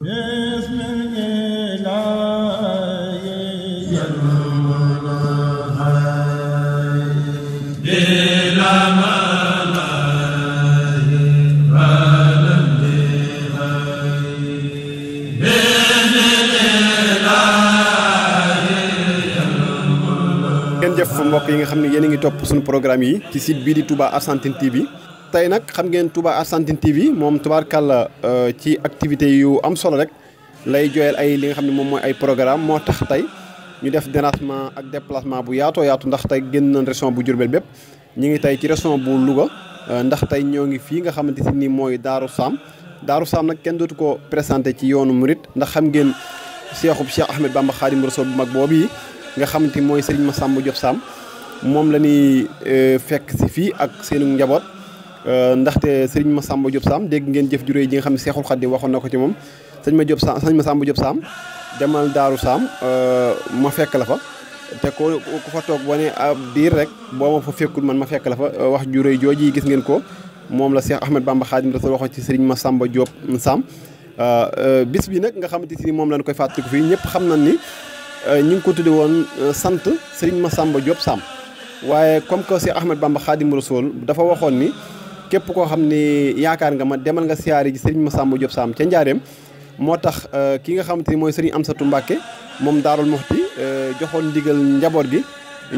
mbokk yi nga xam ne yéen a ngi topp suñu programme yi ci site bii di tubaa Argentine TV tey nag xam ngeen Touba Argentine TV moom tubaarkàlla euh, ci activité yu am solo rek lay jooyal ay li nga xam ne moom mooy ay programme moo tax tey ñu def dérangement ak déplacement bu yaatoo yaatu ndax tey génn nañ région bu Diourbel bépp ñu ngi tey ci région bu Louga euh, ndax tey ñoo ngi fii nga xamante si ni mooy Daaru Saam Daaru Saam nag kenn dootu ko présenté ci yoonu Mouride ndax xam ngeen Seexub Cheikh Ahmed Bamba Xaadim Rasuul bu mag boobu yi nga xamante mooy Serigne Massamba Diop Saam moom la ñuy euh, fekk si fii ak seenu njaboot Euh, ndaxte sëriñ Massamba Diop saam dégg ngeen jëf juré ji nga xam ne Seexul Xadiim waxoon na ko ci moom sëñ ma Diop Sam sëñ Massamba Diop Sam demal Daaru Sam euh, ma fekk la fa te ko ku fa toog boo ne ab rek boo fekkul man ma fekk la fa euh, wax juré jooji gis ngeen ko moom la Cheikh Ahmed Bamba Khadim Rasul waxoon ci sëriñ Massamba Diop Sam bis bi nag nga xamante si moom lañ koy fàttaliku fii ñëpp xam nañ ni ñu ngi ko tudde woon sant sëriñ Massamba Diop Sam waaye comme que Cheikh Ahmed Bamba Khadim Rasul dafa waxoon ni képp koo xam ne yaakaar nga ma demal nga siyaari ji sëriñ Massamba jot Sam ca Njaareem moo tax euh, ki nga xamante ni mooy sëriñ Amsatou Mbacke moom Daarul Muxti euh, joxoon ndigal njaboot gi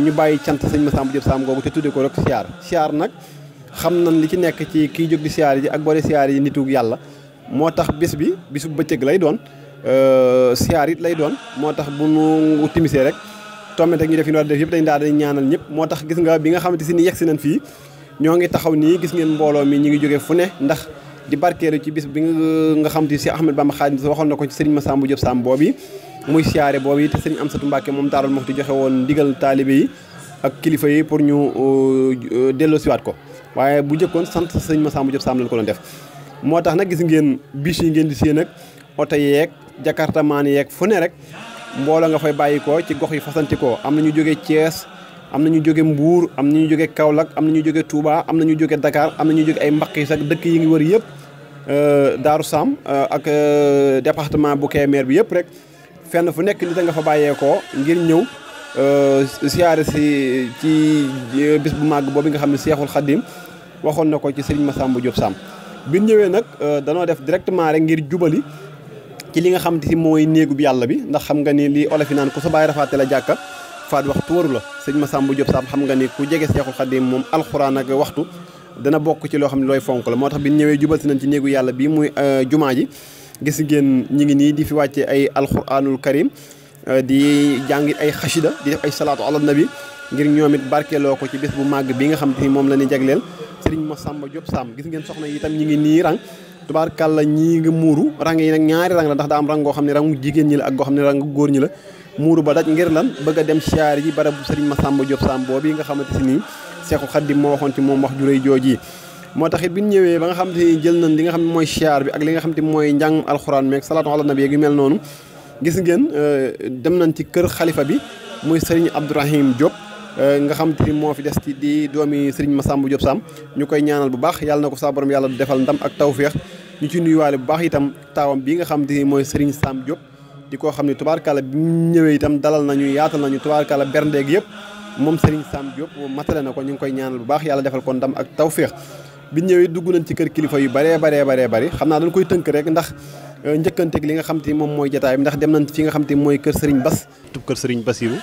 ñu bàyyi cant sëriñ Massamba Diop Sam googu te tudde ko rek siyaar siyaar nag xam na li ci nekk ci kiy jóg di siyaar ji ak boo siyaar yi nitu yàlla moo tax bis bi bisu bëccëg lay doon euh, siyaar it lay doon moo tax bu nu timisee rek tombe ak ñu def yi war a def yëpp ñaanal ñëpp moo tax gis nga bi nga xamante si ni yegg si nañ fii ñoo ngi taxaw nii gis ngeen mbooloo mi ñu ngi jóge fu ne ndax di barkeelu ci bis bi nga xam te si Ahmed Bamba Xaadim waxoon na ko ci Serigne Massamba Diop Samb boobu muy siyaare boobu te Serigne Amsatou Mbacke moom Daarul Muxti joxe woon ndigal taalibe yi ak kilifa yi pour ñu euh, delloosiwaat ko waaye bu njëkkoon sant Serigne Massamba Diop Samb ko doon def. moo tax nag gis ngeen bis yi ngeen di séen ak oto yeeg jakartamaan yeeg fu ne rek mbooloo nga fay bàyyi ko ci gox yi ko am na ñu jóge Thiès. am na ñu jóge Mbuur am na ñu jóge Kaolack am na ñu jóge Touba am na ñu jóge dakaar am na ñu jóge ay mbaqis ak dëkk yi ngi wër yëpp euh, Daaru Sam euh, ak euh, département bu Kébémer bi yëpp rek fenn fu nekk nit a nga fa bàyyeekoo ngir ñëw siyaare si ci bis bu màgg boobu nga xam ne Seexul Xaddim waxoon na ko ci Serigne bu Diop Sam bi ñëwee nag danoo def directement rek ngir jubali ci li nga xam te si mooy néegu bi yàlla bi ndax xam nga ni li olof yi naan ku sa baay rafaate faat waxtu waru la sëñ Massamba Diop Samb xam nga ni ku jege Seexul Xadim moom alxuraan ak waxtu dana bokk ci loo xam ne looy fonk la moo tax bi ñëwee jubal si nañ ci néegu yàlla bii muy euh, jumaa ji gis ngeen ñi ngi nii di fi wàcce ay alxuraanul karim euh, di jàngi ay xasida di def ay salaatu ala nabi ngir ñoom barkeeloo ko ci bés bu màgg bi nga xam te moom la ñu jagleel sëriñ Massamba Diop Samb gis ngeen soxna yi itam ñi ngi nii rang la ñii ngi muuru rang yi nag ñaari rang la ndax daa am rang goo xam ne rangu jigéen ñi la ak goo xam ne rangu góor ñi la muuru ba daj ngir lan bëgg dem siyaar yi barabu sëriñ Masamba Diop Samb boobu yi nga xamante si nii Seexu Xaddim moo waxoon ci moom wax ju rëy jooji moo tax it bi ñu ñëwee ba nga xamante ni jël nañ li nga xam ne mooy siyaar bi ak li nga xamante mooy njàng alxuraan meeg salaatu ala nabi mel noonu gis ngeen euh, dem nañ ci kër xalifa bi muy sëriñ Abdourahim Diop euh, nga xam ni moo fi des ci di doomi sëriñ Masamba Diop sam ñu koy ñaanal bu baax yàlla na ko saa borom yàlla defal ndam ak tawféex ñu ci nuyuwaale bu baax itam taawam bi nga xam te ni mooy sëriñ Samb Diop di ko xam ne tubaarkàlla bi mu ñëwee itam dalal nañu yaatal nañu tubaarkàlla berndeeg yëpp moom Serigne Sam Diop matale na ko ñu ngi koy ñaanal bu baax yàlla defal ko ndam ak tawféex bi ñëwee dugg nañ ci kër kilifa yu baree baree baree bari xam naa dañ koy tënk rek ndax euh, njëkkanteeg li nga xam te moom mooy jataay bi ndax dem nañ fi nga xam te mooy kër Serigne Bas tub kër Serigne Basiru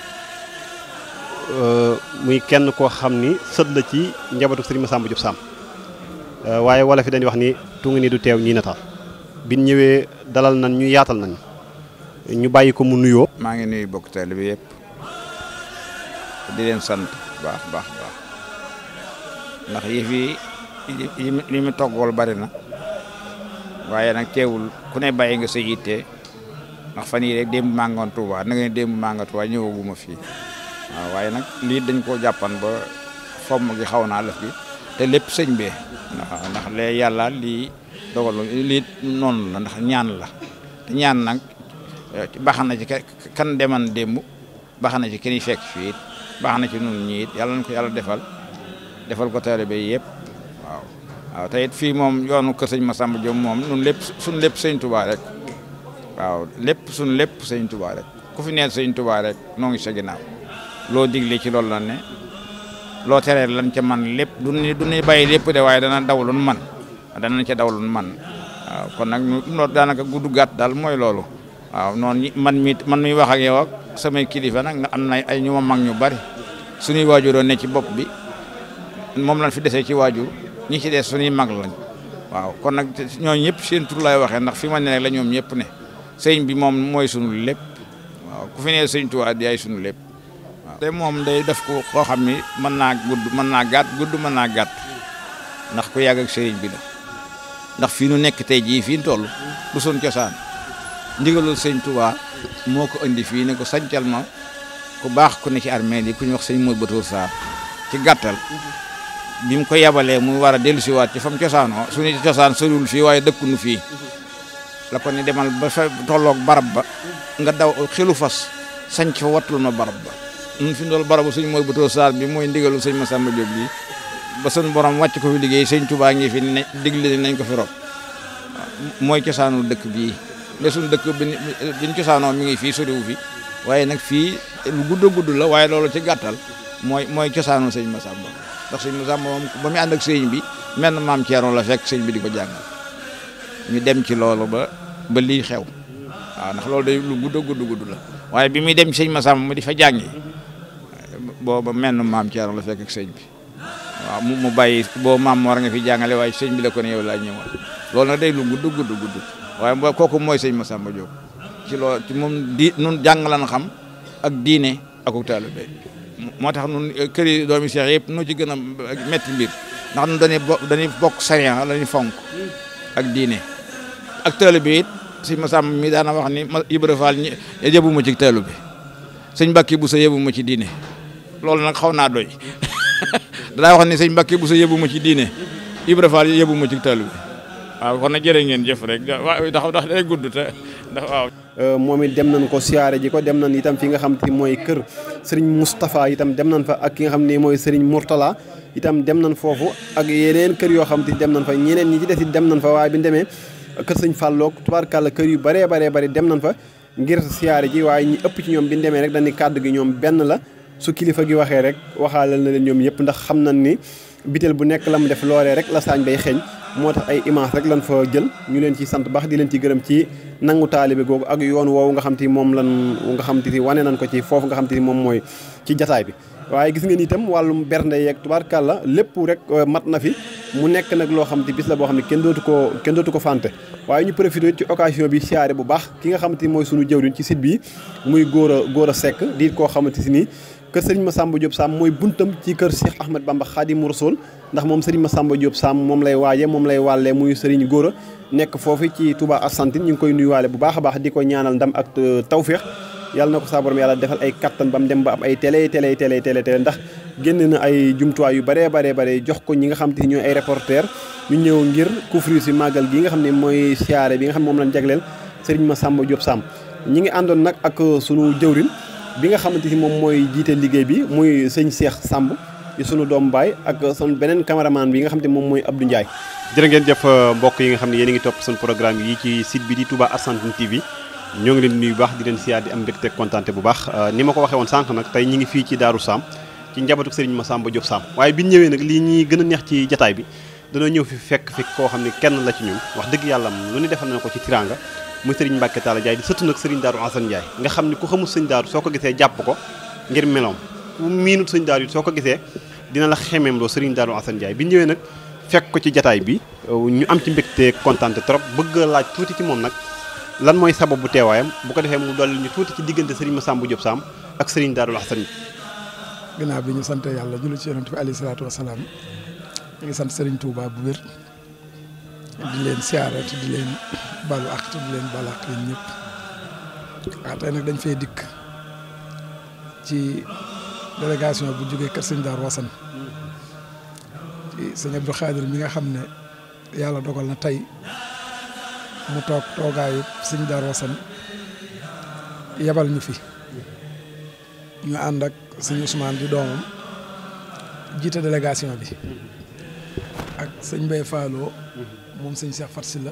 euh, muy kenn koo xam ni sët la ci njabootu Serigne Massamba Diop Sam euh, waaye wala fi dañuy wax ni tungi ni du teew ñii nataal bi ñëwee dalal nañ ñu yaatal nañ ñu bàyyi ko mu nuyoo. maa ngi nuyu bokk taalibe bi yëpp leen sant ndax yi li mu toggool bari na waaye nag teewul ku ne bàyyi nga sa yitte ndax fan yii rek démb maa ngoon ñëwaguma fii waaye nag lii dañ koo jàppan ba fomm xaw naa lëf bi te lépp sëñ bee ndax lee yàlla lii dogal lii noonu la ndax ñaan la te ñaan nag baax na ci kan deman démb baax na ci kenn fekk fii it baax na ci nun ñi it yàlla na ko yàlla defal defal ko taalibe yëpp yépp waaw te it fii moom yoonu kër ma Massamba Diop moom nun lépp suñ lépp sëñ Touba rek waaw lépp suñ lépp sëñ Touba rek ku fi neen sëñ Touba rek noo ngi sa ginnaaw loo digle ci loolu la ne loo teree lan ca man lépp du ni lépp de waaye dana dawlun man danañ ci dawlun man waaw kon nag daanaka gudd gàtt daal mooy loolu waaw noonu man mi man mi wax ak yow ak samay kilifa nag am na ay ñu ma mag ñu bari suñuy waajuroo ne ci bopp bi moom lañ fi desee ci waajur ñi ci des suñuy mag lañ waaw kon nag ñooñu ñëpp seen tur laay waxee ndax fi ma ne rek la ñoom ñëpp ne sëñ bi moom mooy sunu lépp waaw ku fi ne sëñ Tuubaa yaay sunu lépp waaw te moom day def ko koo xam ni mën naa gudd mën naa gàtt gudd mën naa gàtt ndax ku yàgg ak sëriñ bi la ndax fii nu nekk tey jii fii nu toll du cosaan ndigalul sëñ Touba moo ko indi fii ne ko sancal ma ku baax ku ne ci armeel yi ku ñu wax sëñ Mor Batour Sarr ci gàttal bi mu ko yabalee mu war a dellusiwaat ci fa mu cosaanoo su cosaan soriwul fii waaye dëkkunu fii la ko ni demal ba tollook barab ba nga daw xelu fas sanc fa wattul ma barab ba ñun fi ndool barabu sëñ Mor Batour Sarr bi mooy ndigalul sëñ ma Diop bi ba sun borom wàcc ko fi liggéey sëñ Touba ngi fi ne digle nañ ko fi mooy cosaanu dëkk bii la suñu dëkk bi biñ cosaanoo mu ngi fii soriwu fi waaye nag fii lu gudd a gudd la waaye loolu ci gàttal mooy mooy cosaanoo sëñ Massamba ndax sëñ Massamba moom ba muy ànd ak sëñ bi menn maam Thierno la fekk sëñ bi di ko jàngal ñu dem ci loolu ba ba lii xew waaw ndax loolu day lu gudd gudd gudd la waaye bi muy dem sëñ Massamba mu di fa jàngi booba menn maam Thierno la fekk ak sëñ bi waaw mu mu bàyyi boo maam war nga fi jàngale waaye sëñ bi la ko ne yow laa ñëwal loolu nag day lu gudd gudd gudd waaye boobu kooku mooy sëñ Massamba Diop ci loolu ci moom di nun jàng lan ak diine ak taalibe tax nun kër yëpp nu ci gën a métti mbir ndax nun dañuy dañuy bokk sariya la fonk ak diine ak taalibe it sëñ Massamba mi daana wax ni Ibra Fall ñi ma ci taalibe sëñ Mbàkke bu sa yëbu ma ci diine loolu nag xaw naa doy danaa wax ni sëñ Mbàkke bu sa yëbu ma ci diine Ibra Fall ma ci taalibe waaw kon nag jërë ngeen jëf rek waaw ndax ndax day gudd te ndax waaw. Euh, moom it dem nañ ko siyaare ji ko dem nañ itam fi nga xam te mooy kër Serigne Moustapha itam dem nañ fa ak ki nga xam ne mooy Serigne Mourtala itam dem nañ foofu ak yeneen kër yoo xam te dem nañ fa ñeneen ñi ci des it dem nañ fa waaye bi ñu demee kër Sëñ tubaar tubaarkàlla kër yu baree baree bari dem nañ fa ngir siyaare ji waaye ñi ëpp ci ñoom bi ñu demee rek dañuy kàddu gi ñoom benn la su kilifa gi waxee rek waxaalal na leen ñoom yëpp ndax xam nañ ni bitel bu nekk la mu def loolee rek la saañ bay xeeñ moo tax ay image rek lan fa jël ñu leen ci sant baax di leen ci gërëm ci nangu taalibe googu ak yoon woowu nga xam te moom lan nga xam te wane nañ ko ci foofu nga xam te moom mooy ci jataay bi waaye gis ngeen itam wàllum bernde yeeg tubaarkàlla lépp rek euh, mat na fi mu nekk nag loo xam te bis la boo xam ne kenn dootu ko kenn dootu ko fànte waaye ñu profité ci occasion bi siyaare bu baax ki nga xam te mooy sunu jëwriñ ci site bi muy góora góor a sekk di koo xamante si nii kër Serigne Massamba Diop Sam mooy buntam ci kër Cheikh Ahmed Bamba Khadim Rasoul ndax moom Serigne Massamba Diop Sam moom lay waaje moom lay wàllee muy Serigne Gora nekk foofu ci Touba Argentine ñu ngi koy nuyuwaale bu baax a baax di ko ñaanal ndam ak euh, tawféex yàlla na ko saa borom yàlla defal ay kattan ba mu dem ba am ay télé télé télé télé télé ndax na ay jumtuwaay yu baree baree bare jox ko ñi nga xam te ñooy ay reporter ñu ñëw ngir couvrir si màggal gi nga xam ne mooy siyaare bi nga xam ne moom lañ jagleel ma sàmba Diop Sam ñi ngi àndoon nag ak euh, sunu jëwrin bi nga xamante ni moom mooy jiite liggéey bi muy sëñ Cheikh Samb di sunu doom baay ak sunu beneen caméraman bi nga xam te moom mooy Abdou Ndiaye. jërë ngeen jëf euh, mbokk yi nga xam ne yéen ngi topp seen programme yi ci site bi di Touba Argentine TV ñoo ngi leen nuyu baax di leen siyaar di am te kontaante bu baax euh, ni ma ko waxee woon sànq nag tey ñi ngi fii ci Daaru Sam ci njabootu Serigne Massamba jot Sam waaye bi ñu ñëwee nag lii ñuy gën a neex ci jataay bi dañoo ñëw fi fekk fi koo xam ne kenn la ci ñun wax dëgg yàlla lu defal na ko ci tiranga muy sëriñ Mbacke Talla Ndiaye di sëtu nag sëriñ Daaru Assane Ndiaye nga xam ne ku xamul sëñ Daaru soo ko gisee jàpp ko ngir meloom ku miinut sëñ Daaru yi soo ko gisee dina la xemeem loo sëriñ Daaru Assane Ndiaye bi ñëwee nag fekk ko ci jataay bi ñu am ci mbégte kontaan trop bëgg laaj tuuti ci moom nag lan mooy bu teewaayam bu ko defee mu dolli ñu tuuti ci diggante sëriñ Massamba Diop Samb ak sëriñ Daaru Assane gannaaw bi ñu sant yàlla julli ci yonent bi alayhi di leen siyaara te di leen balu ak te di leen balu ak yéen ñëpp waaw ah, nag dañ fee dikk ci délégation bu jógee kër sëñ Daaru Wasan ci sëñ Abdou Khadir mi nga xam ne yàlla dogal na tey mu toog toogaayu sëñ Daaru yebal ñu fi ñu ànd ak sëñ Ousmane di doomam jiite délégation bi ak sëñ Mbaye Fallou moom sëñ Cheikh Fatou la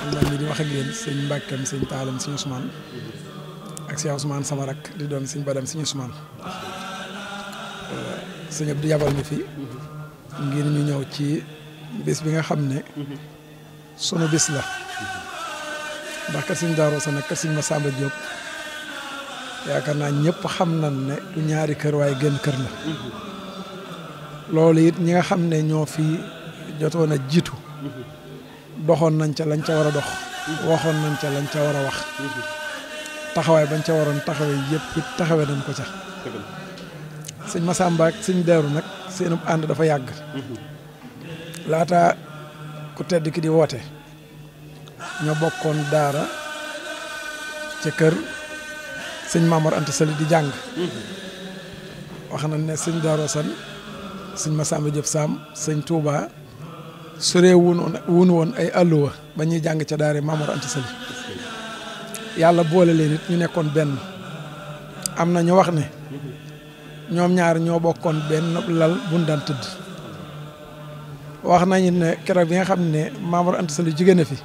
am na ni di wax ak yéen sëñ Mbàkkam sëñ Taalam sëñ Ousmane ak Cheikh Ousmane sama rakk di doon sëñ Badam sëñ Ousmane euh, sëñ Abdou yabal mi fi ngir ñu ñëw ci bis bi nga xam ne sunu bés la ndax kat sëñ Daaru sa nag kat sëñ Massamba Diop yaakaar naa ñëpp xam nañ ne du ñaari kër waaye genn kër la loolu it ñi nga xam ne ñoo fi jotoon a jiitu mhm. doxoon nañ ca lañ ca war a dox mhm. waxoon nañ ca lañ ca war a wax mhm. taxawaay bañ ca waroon taxawee yépp it taxawee nañ ko ca sëñ Massamba ak sëñ Daaru nag seen ànd dafa yàgg laata ku tedd di woote ñoo bokkoon daara ca kër sëñ Maamor Anta Sali di jàng wax nañ ne sëñ Daaru San sëñ Massamba Diop Sam sëñ Touba suree wun woon ay àlluwa ba ñuy jàng ca daare Maamor Anta yàlla boole leen ñu nekkoon benn am na ñu wax ne ñoom ñaar ñoo bokkoon benn lal buñ daan tëdd wax nañu ne keroog bi nga xam ne Maamor Anta Sali jigéen fi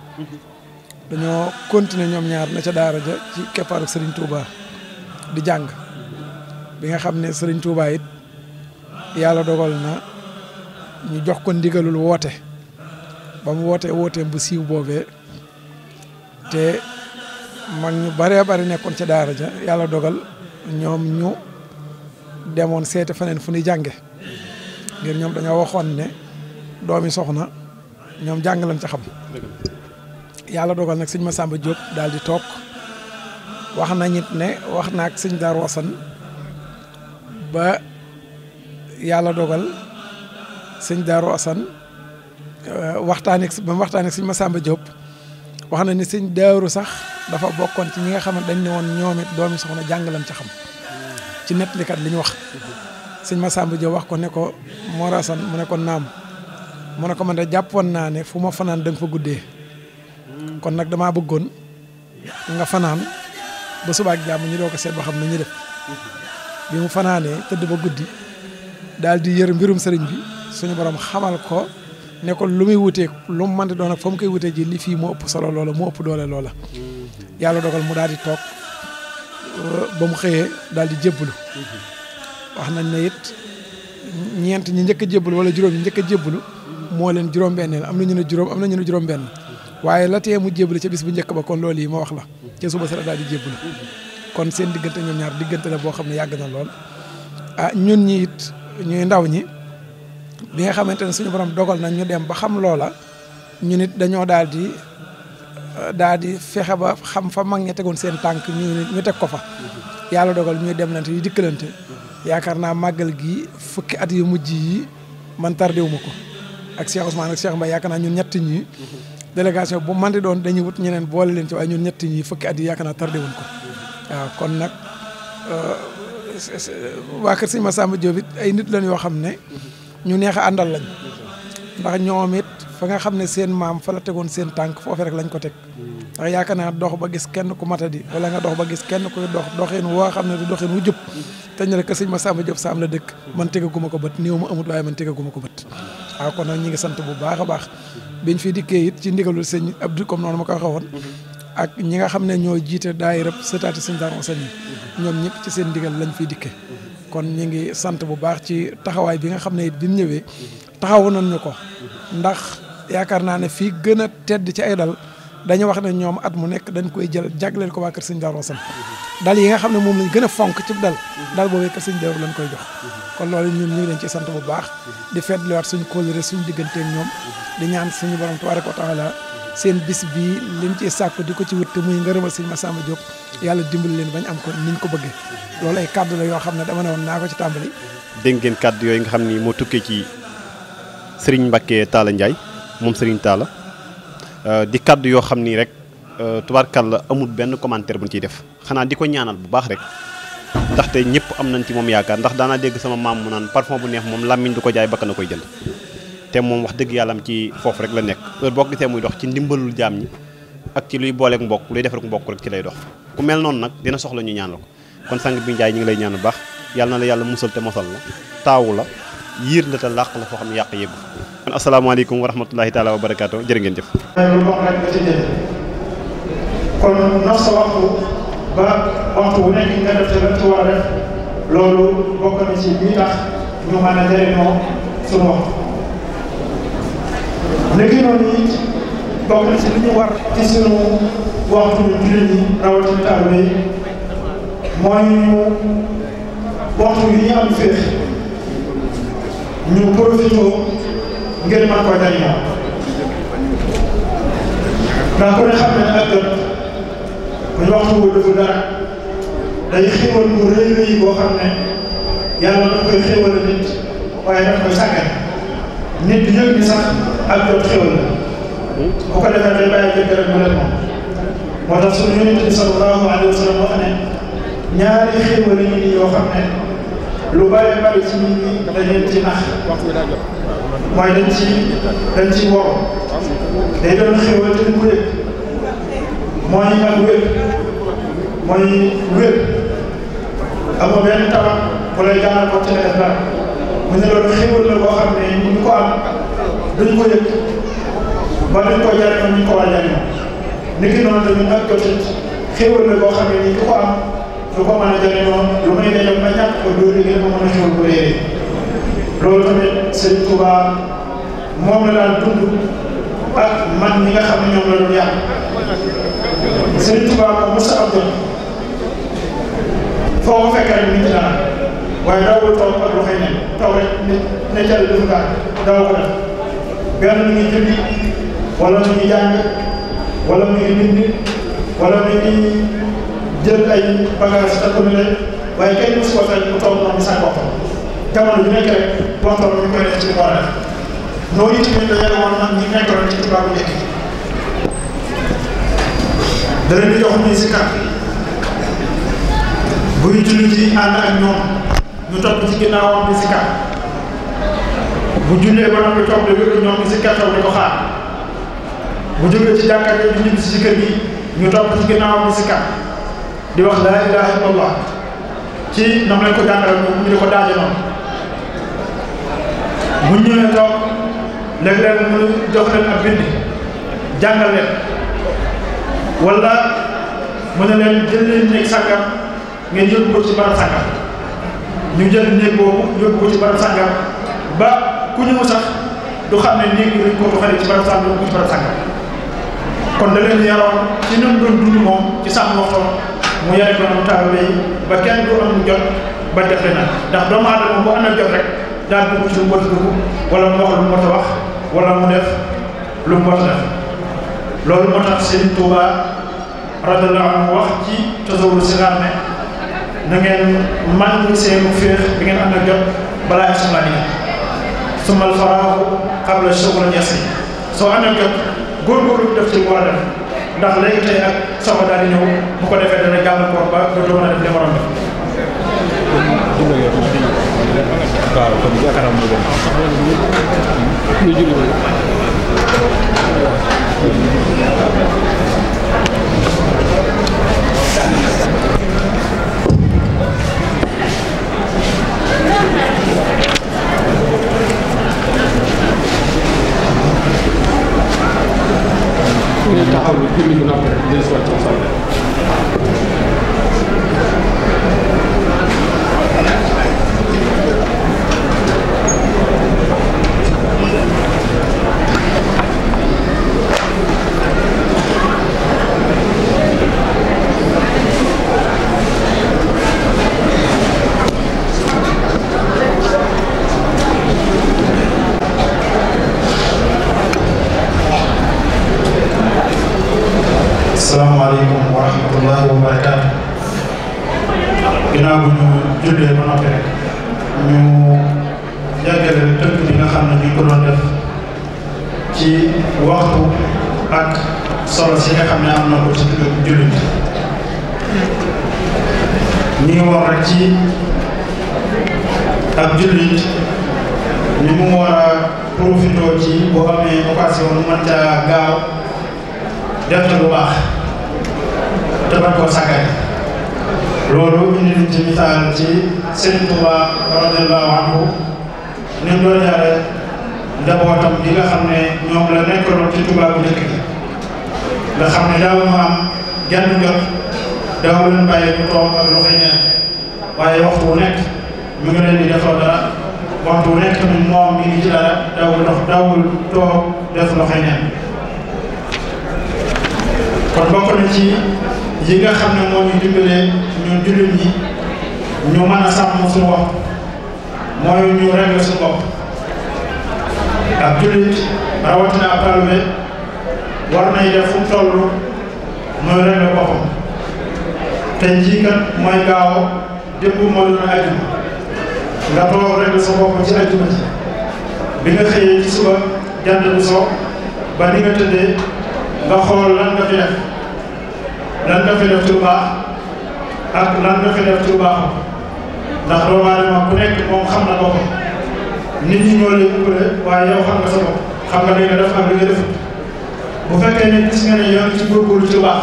dañoo continuer ñoom ñaar na ca ja ci keppaaru Serigne Touba di jàng bi nga xam ne Serigne Touba it yàlla dogal na ñu jox ko ndigalul woote ba mu wootee wooteem bu siiw boobee te mag ñu baree bari nekkoon ca daara ja yàlla dogal ñoom ñu demoon seete feneen fu ñuy jànge ngir ñoom dañoo waxoon ne doomi soxna ñoom jàng lañ ca xam yàlla dogal nag sëñ sàmba Diop daal di toog wax nañ it ne wax naag sëñ Darou Assane ba yàlla dogal sëñ Darou Assane Euh, waxtaan ak ba mu waxtaan ak sëñ Massamba Diop wax na ni sëñ Daaru sax dafa bokkoon ci ñi nga xam ne dañ ne woon ñoom it doomi soxna jàngalam ci xam ci nettalikat li ñu wax ma Massamba Diop wax ko ne ko Morasan mu ne ko naam mu ne ko man de jàppoon naa ne fu ma fanaan da nga fa guddee kon nag damaa bëggoon nga fanaan ba subaak jàmm ñu doo ko seet ba xam na ñu def bi mu fanaanee tëdd ba guddi daal di yër mbirum sëriñ bi suñu borom xamal ko nekkoon ko lu muy wutee lu mu mënti doon ak fa mu koy wutee ji li fii moo ëpp solo loola moo ëpp doole loola. yàlla dogal mu daal di toog ba mu xëyee daal di jébbalu. wax nañ ne it ñeent ñi njëkk a wala juróom ñi njëkk jébbalu moo leen juróom-benneel am na ñu ne juróom am na ñu ne juróom-benn mu jébbalu ca bis bu njëkk ba kon yi ma wax la ca suba daal di jébbalu kon seen diggante ñoom ñaar diggante la boo xam ne yàgg na lool ah, ñi. bi nga xamante ne suñu borom dogal na ñu dem ba xam loola ñun it dañoo daal di daal di fexe ba xam fa mag ña tegoon seen tànk ñu ñu teg ko fa. yàlla dogal ñuy dem demlante yi dikkalante. yaakaar naa màggal gi fukki at yi mujj yi man tardewu ma ko ak Cheikh Ousmane ak Cheikh Mbaye yaakaar naa ñun ñett ñi. délégation bu man di doon dañuy wut ñeneen boole leen ci waaye ñun ñett ñi fukki at yi yaakaar naa tardé ko. waaw kon nag euh, waa kër Sëñ Massamba Diop it ay nit lañ yoo xam ne. ñu neex a àndal lañ ndax ñoom it fa nga xam ne seen maam fa la tegoon seen tànk foofu rek lañ ko teg ndax yaakaar naa dox ba gis kenn ku matadi wala nga dox ba gis kenn kuy dox doxin waa xam ne du doxin wu jub te ñu ne que sëñ ma Samba Diop Sam la dëkk man ko bët néew ma amut waaye man tegaguma ko bët waaw kon nag ñi ngi sant bu baax a baax biñ fi dikkee it ci ndigalul sëñ Abdou comme noonu ma ko waxoon ak ñi nga xam ne ñoo jiite daayira sëtaati sëñ Darou Sane ñoom ñëpp ci seen ndigal lañ fiy dikkee kon ñu ngi sant bu baax ci taxawaay bi nga xam ne it bi ñëwee taxawu nan ñu ko ndax yaakaar naa ne fii gën a tedd ci ay dal dañu wax ne ñoom at mu nekk dañ koy jël jagleel ko waa kër suñ Daaru sam dal yi nga xam ne moom lañ gën a fonk ci dal dal boobee kër sëñ Daaru lañ koy jox kon loolu ñun ñu ngi dañ ci sant bu baax di feddliwaat suñu kóllëre suñu suñ ak ñoom di ñaan suñu borom tabaaraka wa taala seen bis bii liñ ci sàkku di ko ci wut te muy ngërëmal sëñ Massamba Diop yàlla dimbali leen bañ am ko niñ ko bëggee loolu ay kàddu la yoo xam ne dama ne naa ko ci tàmbali. dégg ngeen kàddu yooyu nga xam ni moo tukkee ci sëriñ Mbacke Talla Ndiaye moom sëriñ Talla euh, di kàddu yoo xam ni rek euh, tubaarkàlla amul benn commentaire bu ñu def xanaa di ko ñaanal bu baax rek. ndaxte ñëpp am nañ ci moom yaakaar ndax daana dégg sama maam mu naan parfum bu neex moom làmmiñ du ko jaay bakk na koy jënd te moom wax dëgg yàlla am ci foofu rek la nekk heure boo gisee muy dox ci ndimbalul jaam ñi ak ci luy booleek mbokk luy defarek mbokk ci lay dox ku mel noonu nag dina soxla ñu ñaanal ko kon sang bi Njaay ñu ngi lay ñaan bu baax yàlla na la yàlla musal te mosal la taawu la yiir la te làq la foo xam yàq yëggu kon asalaamaaleykum wa rahmatulahi taala wa barakaatu jërë jëf kon nax sa waxtu ba waxtu bu nekk nga def te a def loolu bokk na ci léegi noonu it bokk na ci li ñu war ci sunu waxtu ñu jullit ñi rawatina taalibe yi mooy ñu waxtu yi ñu am féex ñu profité ngir mën ko jariñoo ndax ku ne xam ne ak jot bu ñu waxtu bu defu dara day xéwal bu rëy rëy boo xam ne yàlla daf koy xéwal nit waaye daf koy sàggane nit yëg ni sax ak jot xéwal bu ko defee day bàyyi mu ne moom moo tax suñu yonent bi sallallahu alayhi wa sallam wax ne ñaari xéwal yi nii yoo xam ne lu bàyyi bari ci nit ñi dañ leen ci nax mooy dañ ci dañ ci wor day doon xéwal mu wér mooy ak benn tabax bu lay gaar ko ci def dara mu ne loolu xéwal la boo xam ne ñu ko am duñ ko yëg ba duñ ko jariñoo ñu ko war a jariñoo niki noonu tamit ak xam ne ñu ko am du ko mën a jariñoo lu may dajal ba ñàkk ko dóor yi ma mën a ko réeré loolu tamit sëñ Touba moom la daan ak man ñi nga xam ne ñoom la doon yàq sëñ Touba moom mos a jot foo ko fekk rek ñu ci dara waaye daawul taw ak lu xëy ne taw rek ne ne ca la defu kaay daaw ko def benn mi ngi jëndi wala mi ngi jàng wala mi ngi bind wala mi ngi jël ay bagages te commune rek waaye kenn mosu ko fekk mu toog noonu sa bopp jamono bi nekk rek waxtaan bi ñu koy def ci li war a def noonu itamit dañu la woon nag ñu nekkoon ci tubaab njëkk yi danañu jox ñu si kàddu buy julli ci ànd ak ñoom. ñu topp ci ginnaawam di si kat bu jullee ba noppi toog di di si kat toog di ko xaar ci jàkka ji gi ñu topp ci di si di wax laa ilaha illallah ci nam lañ ko jàngal ñu di ko daaje noonu bu ñëwee toog léeg-léeg mu jox leen ab bind mu ne leen jël leen nekk sàkkam ngeen yóbbu ci barab sàkkam ñu jël néeg boobu yóbbu ko ci ba ku ñëw sax du xam ne néeg bi dañ ko doxalee kon da leen yaroon ci ñun doon dund moom ci sàmm waxtoom mu yare ko moom taalibe yi ba kenn du am jot ba ndax doomu aadama bu amee jot rek daal dugg ci lu mu dugg mu wax lu mu wax wala mu def lu mu def loolu moo tax Serigne Touba radiyallahu wax ci tasawur sigaar ne na ngeen màng seenu féex bi ngeen am na jot balaa soxla ni sumal faraaxu xabla shughla yasi soo amee jot góorgóorlu def ci war a ndax léegi tey ak soxla daal ñëw bu ko defee dana jàll koor ba dootoo mën a waaw public bu noppi rek dellusiwaat ci Sëriñ Tuubaa radiyallaahu anhu ni mu doon yare njabootam yi nga xam ne ñoom la nekkaloon ci Tuubaa bu njëkk nga xam ne daaw mu am genn jot daaw waxtu nekk mu moom mi ngi ci dara dox daawul toog def loxoy neen kon bokk na ci yi nga xam ne moo ñu dimbalee ñun jullit ñi ñu mën a sàmm suñu wax mooy ñu jullit rawatina ab taalibe war nay def fu mu toll muy te njii kat mooy gaaw démb moo doon ajjuma nga toog régler sa bopp ci ajjuma bi nga xëyee ci suba jant bi so ba nga tëddee nga xool lan nga fi lan nga fi def ci lu baax ak lan nga fi def ndax doomu aadama ku nekk moom xam na boppam nit ñi ñoo lay ëppale waaye yow xam nga sa xam nga li nga def nga def bu fekkee ne gis nga ne yoon ci góorgóorlu ah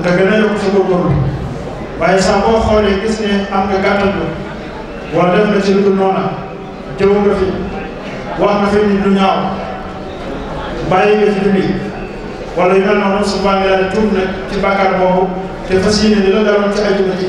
nga gën a yokk sa góorgóorlu waaye sax boo xoolee gis ne am nga gàttal ko wala def na ci lu noona jëw nga fi wax nga fi nit lu ñaaw bàyyi nga fi julli wala yu mel noonu su bàyyi daal tuub nag ci boobu te fas yéene li la ci ay dugg ci.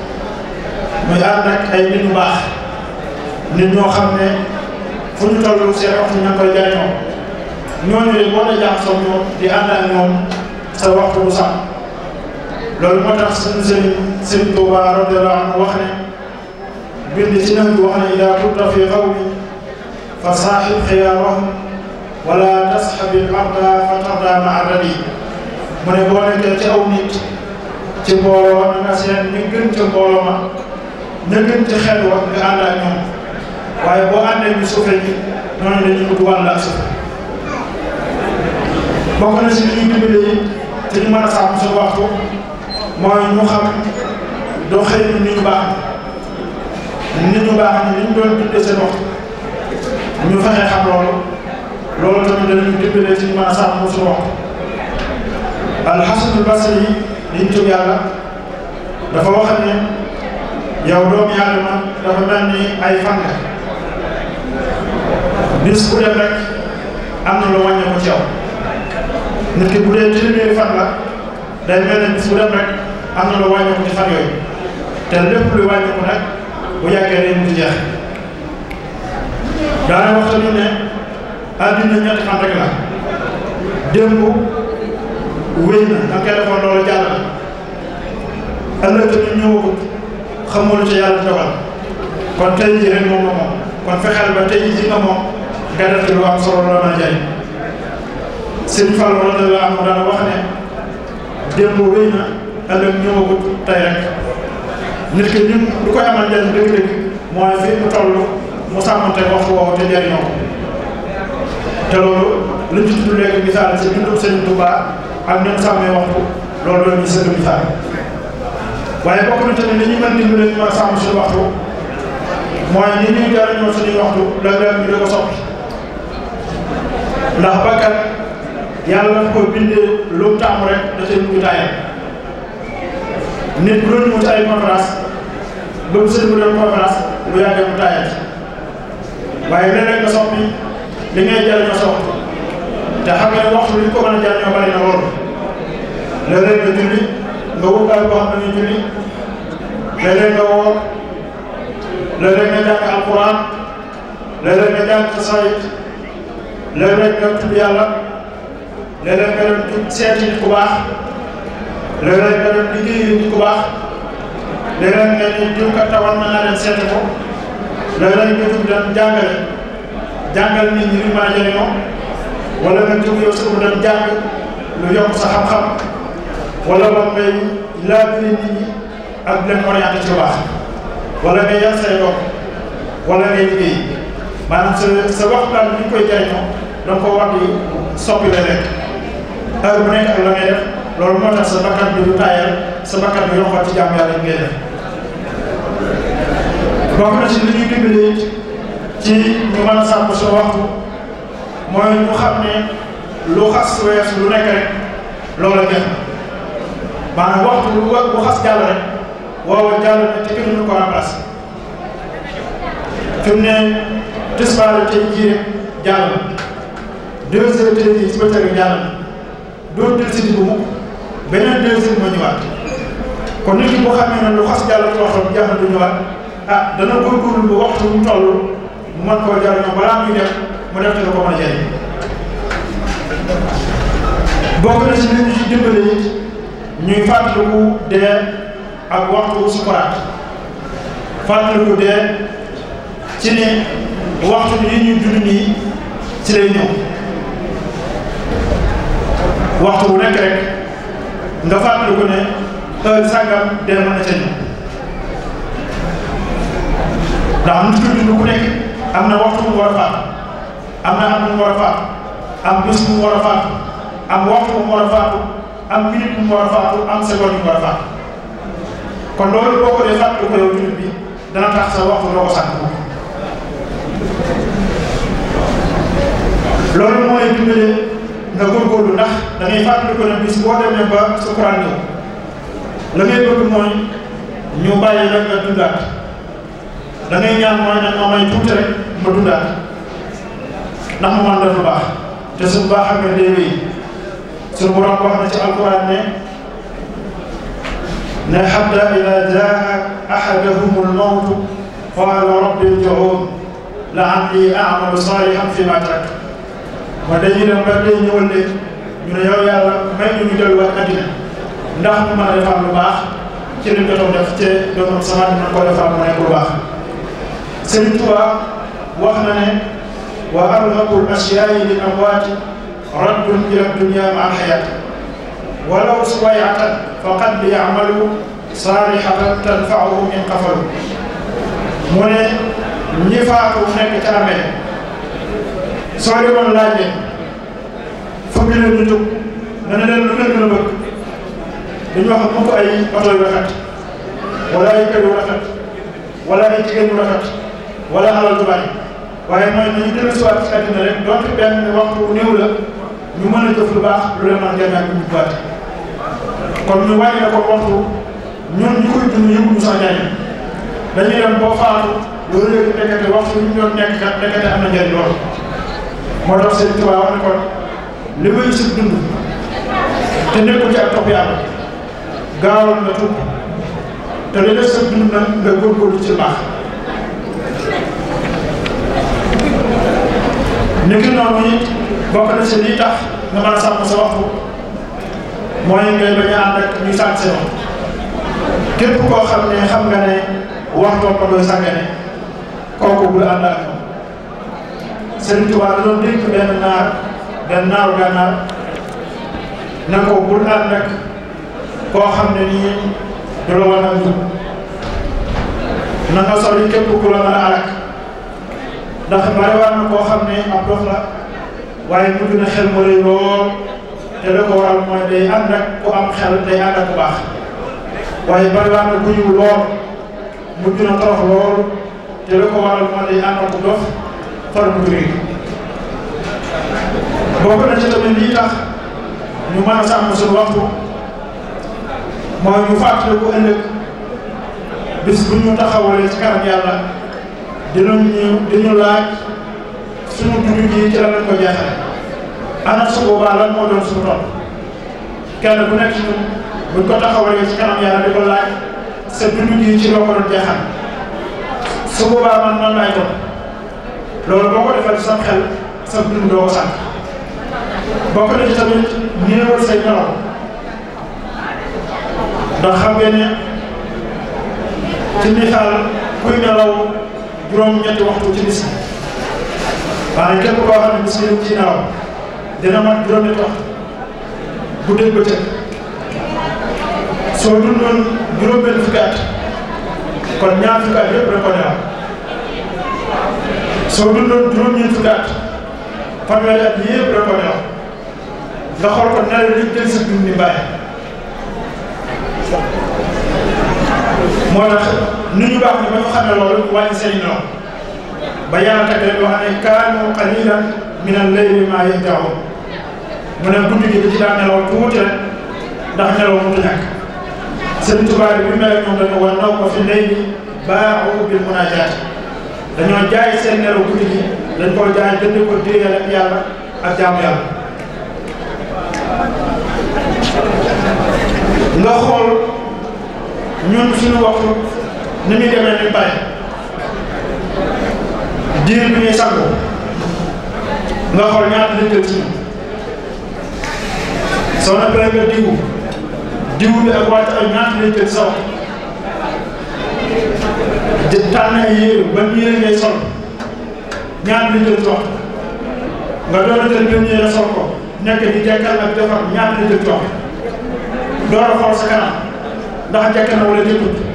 muy ànd ay nit ñu nit ñoo xam ne fu ñu toll seen waxtu ña ngi koy jariñoo ñooñu de boo la jaxasoo ñoom di ànd ñoom sa waxtu sax loolu moo tax suñu sëriñ sëriñ Tuubaa radiyallaahu anhu wax ne bind ci nañ bi wax ne idaa kunta fii qawmin fa saaxib xiyaarahum wala tasxabil arda fa taxda ma adadi mu ne boo nekkee ci ci mbooloo na nga seen ñu gën ca mbooloo ma ña gën ci xel wax nga ànd ñoom waaye boo àndee ñu suufee ñi noonu la ñu ut wàll ak suuf yi te ñu mën a sàmm suñu waxtu mooy ñu xam doxee ni ñu baax ni ñu baax ni ñu doon seen waxtu ñu fexe xam loolu loolu tamit ñu mën a sàmm suñu waxtu alxasanul basri yi liñ dafa wax ne yow doomu yàlla man dafa mel ni ay fan nga bis bu dem rek am na lu wàññi ko ci yow nit bu dee téeméeri fan la day mel ne bis bu dem rek am na lu wàññi ko fan yooyu te lépp lu wàññi ko nag bu yàggee day mujj jeex daana waxta ñu ne àddina ñetti fan rek la démb wéy na da nga koy loolu jàll na ëllëg ñu xamoo lu ca yàlla di dogal kon tey jii rek moom moom kon fexeel ba tey jii nga moom nga def lu am solo la mën a jëriñ sëñ Fallou radiyallaahu anhu daana wax ne démb wéy na ëllëg ñëwagut tey rek nit ki ñun du koy loolu lu ñu ci misaal waaye bokk na tamit li ñu mën dimbale ñu mën a sàmm suñu waxtu mooy ni ñuy jariñoo suñuy waxtu léeg-léeg ñu di ko soppi ndax bakkan yàlla daf ko bindee lu mu taamu rek da cee dugg nit bu doon ñëw ci ay conférence ba mu sëñ bu doon conférence lu yàggee mu taayam waaye léeg-léeg nga soppi li ngay jariñoo sa waxtu te xam nga waxtu ñu ko mën a jariñoo bari na loolu léeg-léeg nga julli nga wut daal boo xam ne ni julli léeg-léeg nga woor léeg-léeg nga jàng alquran léeg-léeg nga jàng xasaayit léeg-léeg nga tudd yàlla léeg-léeg nga dem tudd seeti nit ku baax léeg-léeg nga dem liggéeyi nit ku baax léeg-léeg nga ni diw kat tawal na nga dem seeti ko léeg-léeg nga tudd dem jàngale jàngal nit ñi li maa jëriñoo wala nga tudd yow sa dem jàng lu yokk sa xam-xam. wala moom ngay laaj nit ñi ak leen orienté ci lu baax wala ngay yar say doom wala ngay liggéey maanaam sa sa waxtaan bi ñu koy jariñoo da nga ko soppi la rek bu nekk ak la ngay loolu moo tax sa bakkan bi du taayal sa bakkan bi yombal ci jàmm yàlla ngay def bokk na ci li ñuy ci ñu mën a sàmm sa waxtu mooy ñu xam ne lu xas weesu lu nekk rek loola jeex na maanaam waxtu bu wax bu xas jàll rek woowa jàll na te kenn mënu ko remplacer fi mu ne tisbaar tey jii rek jàll na deux heures tey jii si ba tey jàll na doo jël si bu mukk beneen deux heures moo ñëwaat kon nit ki boo xamee ne lu xas jàll ci waxtu jàll du ñëwaat ah dana góorgóorlu bu waxtu mu toll mu mën koo jariñoo balaa muy def mu def te ko mën a jariñ bokk na si li ñu ci dimbale it ñuy fàttaliku dee ak waxtu sukuraat fàttaliku dee ci ne waxtu yi ñu dund nii ci lay ñëw waxtu bu nekk rek nga fàttaliku ne heure sàngam dee mën na ca ñëw ndax nit ki nekk am na waxtu bu war a faat am na at bu war faat am bés bu war faat am waxtu bu war a am minute bu mu war am seconde bu mu kon loolu boo ko dee fàttali ko yow jullit bi dana tax sa waxtu doo ko sànq moom. loolu mooy dimbale nga góorgóorlu ndax da ngay fàttali ko ne bis boo demee ba sukkuraan yow la ngay bëgg mooy ñu bàyyi rek nga dundaat da ñaan mooy nag ma may tuuti rek ma dundaat ndax ma la lu baax te su baax ak nga suñu borom wax na ci alquran ne ne hatta ida jaa ahadahum almawt qaala rabbi irji'uun la'allii a'malu saalihan fiimaa tarak ma dañuy dem ba day ñëwal de ñu ne yow yàlla may ñu ñu delluwaat àddina ndax ñu mën a defaat lu baax ci liñ jotoon def te doonoon sama dina ko defaat mu nekk lu baax Sëriñ Tuubaa wax na ne wa arhaqu al-ashyaa'i lil amwaat ردهم إلى الدنيا مع حياته ولو سويعة فقد ليعملوا صالحة تنفعهم إن قفلوا mu ne ñi faatu nekk ca amee soo demoon laaj leen foog ñu leen ñu jóg dana leen lu leen gën a bëgg dañu wax mu ko ay oto yu rafet wala ay kër yu rafet wala ay jigéen yu rafet wala alal ju bari waaye mooy nañu dellu si waat ci àddina rek donte benn waxtu néew la ñu mën a jëf lu baax lu leen mën a ak lu ñu kon ñu wàññi ko waxtu ñun ñu koy dund yëngu ñu sax njëriñ dañuy dem boo faatu loolu yëpp nekkate waxtu ñu doon nekk kat nekkate am na moo tax sëñ Tuubaa wax kon li may dund te nekkul ak topp yàlla gaawal na tuub te li des sa dund nag nga góorgóorlu ci baax. ni ki noonu it bokk na si lii tax nga mën a sàmm sa waxtu mooy ngay bañ a ànd ak ñuy sànq si waxtu képp koo xam ne xam nga ne waxtoom ma doy sàggane kooku bul ànd ak moom Sëriñ Tuubaa da doon dénk benn naar benn naaru gànnaar na ko bul ànd ak koo xam ne nii du la war a na nga sori képp ku la mën a arak ndax bariwaan koo xam ne ab dof la waaye mujj na xel mu lool te la ko waral mooy day ànd ku am xel day ànd ku baax waaye bariwaan ku yiw lool mujj na torox lool te la ko waral mooy day ànd ku dof far mu réer bokk na ci tamit lii tax ñu mën a sàmm suñu waxtu mooy ñu fàttaliku ëllëg bis bu ñu taxawalee ci kanam yàlla. dinañu diñu laaj suñu dugub ji ci la lañ ko jeexale ana su boobaa moo doon suñu kenn bu nekk ñun buñ ko taxawalee ci kanam yàlla di ko laaj sa dugub ji ci loo ko doon jeexal su boobaa man loolu boo ko defal sam xel sa dund doo ko sànq bokk na ci tamit néewal say melaw ndax xam ngeen ne ci misaal kuy nelaw juróom-ñetti waxtu ci bis bi maanaam képp koo xam ne bis bi ci naaw dina mat juróom-ñetti soo dundoon juróom-benn fukki kon ñaar fukki at yëpp rek soo dundoon juróom-ñeent fukki at fanweeri at yëpp rek ko neew nga xool ko ne ni bàyyi moo tax nu ñu baax ni ba ñu xamee loolu wàññi seen ñoom ba yàlla teg leen wax ne kaanu qalilan min al-layli maa yahjaun mu ne guddi gi bi ci daa nelaw tuuti rek ndax nelaw mënut a ñàkk seen tubaab yi bu mel ñoom dañu war naw ko fi layli baaxu bil munaajaat dañoo jaay seen nelaw guddi gi dañ jaay jënd ko déeyal ak yàlla ak jaamu yàlla nga xool ñun suñu waxtu ni muy demee ni pare diir bi ngay sangu nga xool ñaata la jël ci moom soo nappee nga diwu diwu bi ak waxtu ak ñaata la jël saw di tànn ay yére ba yére ngay sol ñaata la jël nga doon jël benn yére sol ko nekk di jekkal ak defar ñaata la jël toog door a xool sa kanam ndax jekk na wala jëkkut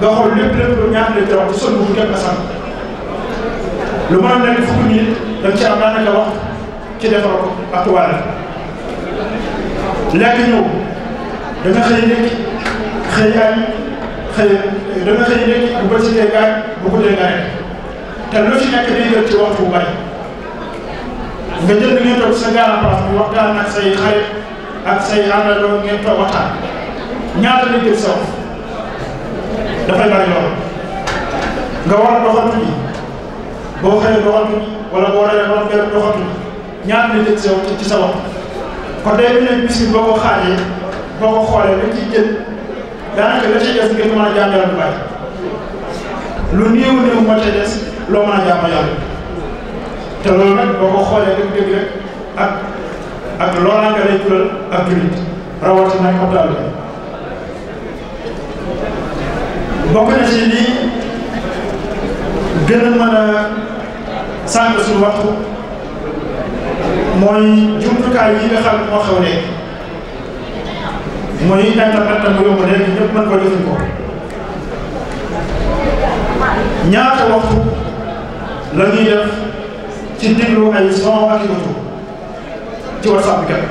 nga xool lépp lépp lu ñaata lay toog ci sol bu kenn asam lu mën a nekk fukki minute da nga ci am daanaka wax ci defar ko ak waale lekk ñëw da nga xëy nekk xëy añ xëy da nga xëy nekk bu bët si déggaay bu ko déggaay te lu ci nekk day jël ci waxtu bu bari nga jël ngeen toog sa gaana place bi waxtaan ak say xarit ak say àndandoo ngeen toog waxtaan ñaata lay jël sa wax dafay bari lool nga war a doxantu ji boo xëyee doxantu ji wala boo rëyee ba nga doxantu ji ñaata la jël ci ci sa waxtu kon day mel ne bis boo ko xaajee boo ko xoolee dañ daanaka la cay des ngir mën a jaamu yàlla bu bari lu néew néew moo cay des loo mën a jaamu yàlla te loolu nag boo ko xoolee dëgg ak ak loolaa nga lay jural ak jullit rawatina ak ab daal bokk na ci lii gën a mën a sànq suñu waxtu mooy jumtukaay yi nga xam moo xew léegi mooy internet tam yomb léegi ñëpp mën ko jëfandikoo ñaata waxtu la ñuy def ci déglu ay son ak i ci WhatsApp kat.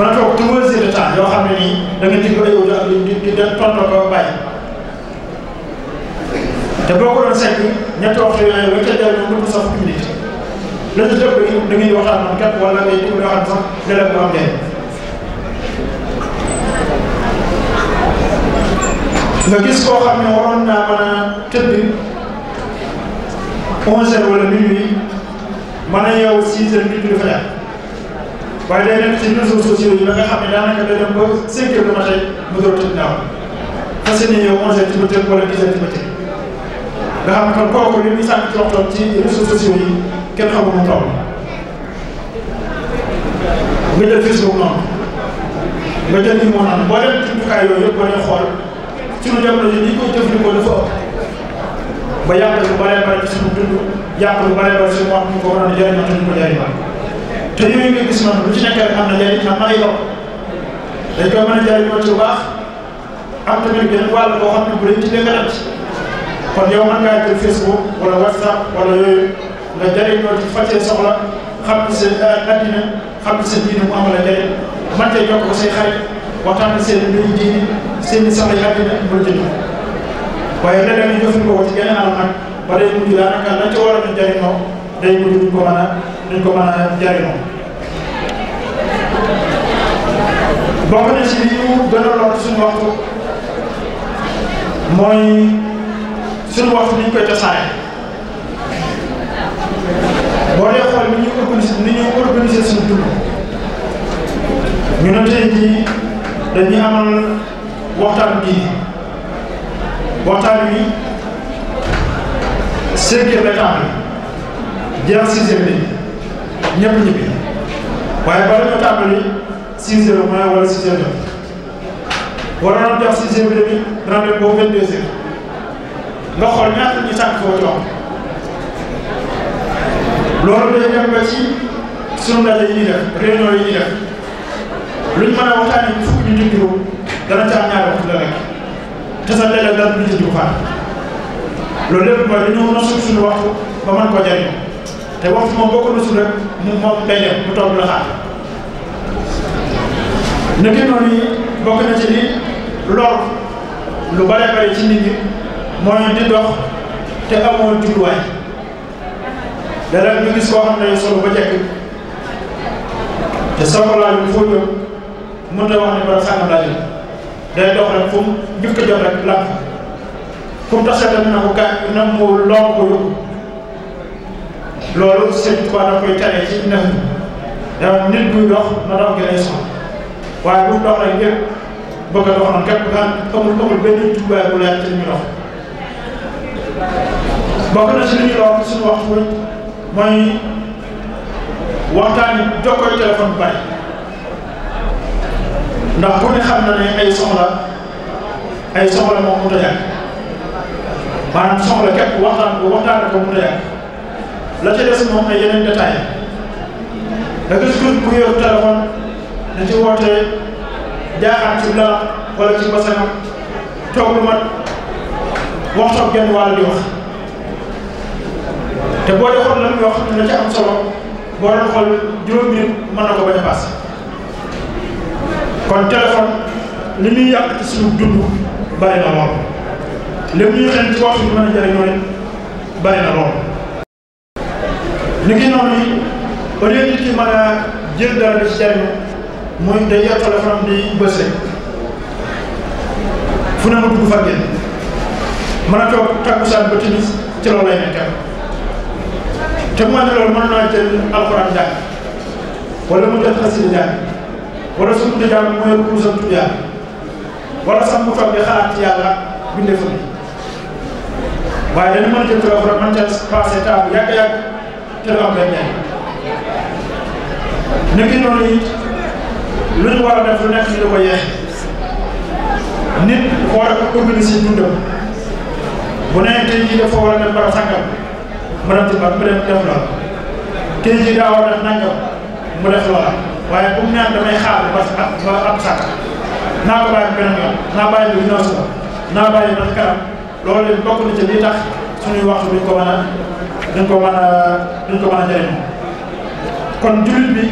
mën a toog trois heures de temps yoo xam ne nii da nga déglu ay audio ak di di tontoo ko bàyyi te boo ko doon segg ñetti waxtu yooyu ba ca jël ñu sax fukki minute la ñu def da ngay waxtaan man kat wala ngay déglu yoo xam sax léeg mu am njëriñ nga gis koo xam ne waroon naa mën a tëdd onze heures wala minuit mën a yow six heures minute du fajar waaye day nekk ci réseaux sociaux yi ba nga xam ne daanaka day dem ba 5 heures mu door a tëj naaw fas yéene yow 11 heures ci bëccëg wala 10 nga xam ne yi kenn xamul mu toll. nga jël Facebook noonu nga jël ni moo naan boo dem yooyu yëpp boo dee xool suñu jamono ji ni ko jëfandikoo dafa ëpp ba yàq lu bare bare ci suñu dund yàq lu bare bare suñu wax ñu ko waroon a jëriñoo te ñu ko jëriñoo te yooyu nga gis noonu lu ci nekk am na njëriñ am na ay yokk dañ koy mën a jëriñoo ci baax am tamit benn wàll boo xam ne bu leen ci dégg nga kon yow mën ngaa jël Facebook wala WhatsApp wala yooyu nga jëriñoo ci fàccee soxla xam ne seen euh, addina xam ne seen diine mu amal a njëriñ mën cee jokk ko say xarit waxtaan ak seen mbiri diine seen i soxla yi addina mën jënd waaye leneen ñu jëfandikoo ko ci geneen anam nag ba day mujj daanaka lañ ca waroon a jëriñoo day mujj duñ ko mën duñ ko mën a jariñoo bokk na ci li ñu gën a lool suñu waxtu mooy suñu waxtu ni koy tasaare boo dee xool ni ñu organiser ni ñu suñu dund ñu ne tey jii dañuy amal waxtaan bii waxtaan wi cinquième étape bi jeex sixième bi ñëpp ñibbi waaye bala ñu tàmbali six heures moins wala six heures war nañu jox six heures demi dana dem boobu vingt deux heures nga xool ñaata ñu sànq foofu jox loolu day dem ba ci sunu ndaje luñ mën a waxtaanee ñu fukk ñu nit ñi dana ca waxtu la rek te sa léeg-léeg dara du ñu ko loolu lépp mooy dañoo mën a suuf suñu waxtu ba mën ko te waxtu moom boo ko nusul rek. mu moom kay mu toog la xaar bokk na ci ni lor lu bare bare ci nit ñi mooy di dox te amoo jubluwaay dara ñu gis koo solo ba jekk te soo ko laaj bu foo jóg a wax ne bara sàngam laa dox rek fu mu njëkk a jot rek lànk fu mu tasee tamit mu loo ko loolu sëñ Tuubaa da koy tere ci nëx dafa nit buy dox na dox gi lay sonn waaye bu dox rek yëpp bëgg a doxoon képp nga amul amul bu leer ci li ñu dox bokk na ci li ñuy dox suñu waxtu mooy waxtaan yi jokkoo téléphone ndax bu ne xam na ne ay soxla ay soxla moom mu tëjaat maanaam soxla képp waxtaan ko waxtaan ko mu tëjaat la ca des moom ay yeneen détails da nga gis bu ci wootee jaaxaat ci la wala ci basanam toog lu mat waxtu te boo de xool la muy wax la ca am solo boo doon xool juróomi nit na ko bañ a kon téléphone li muy yàq ci suñu dund na lool li muy xen ci waxtu bi a jëriñoo it bari na lool. ñu ngi noonu yi au lieu nit ki mën a jël dara di seetlu mooy day di bëse fu ne mu mën a toog takkusaan ba ci loolu lay nekkal te mu ne loolu mën naa jël alxuraan jàng wala mu jël xasida jàng wala su mu jàng mu yor kuusam tudd yàlla di xalaat ci yàlla bindee fa waaye dana mën a jël téléphone man ca passé temps yàgg-yàgg. te dox nga ñaan nekki noonu it lu ñu war a def lu nekk ñu di ko yeex nit war a organiser dundam bu nee tey jii dafa war a dem barab sàngam mu dem ci def loola tey jii daa war a def nangam mu def loola waaye bu mu naan damay xaar ba ab sàkk naa ko bàyyi beneen naa bàyyi lu ginnaaw suba naa bàyyi ndax kanam loolu leen bokk na ci li tax suñuy waxtu duñ ko mën duñ ko mën a duñ ko kon jullit bi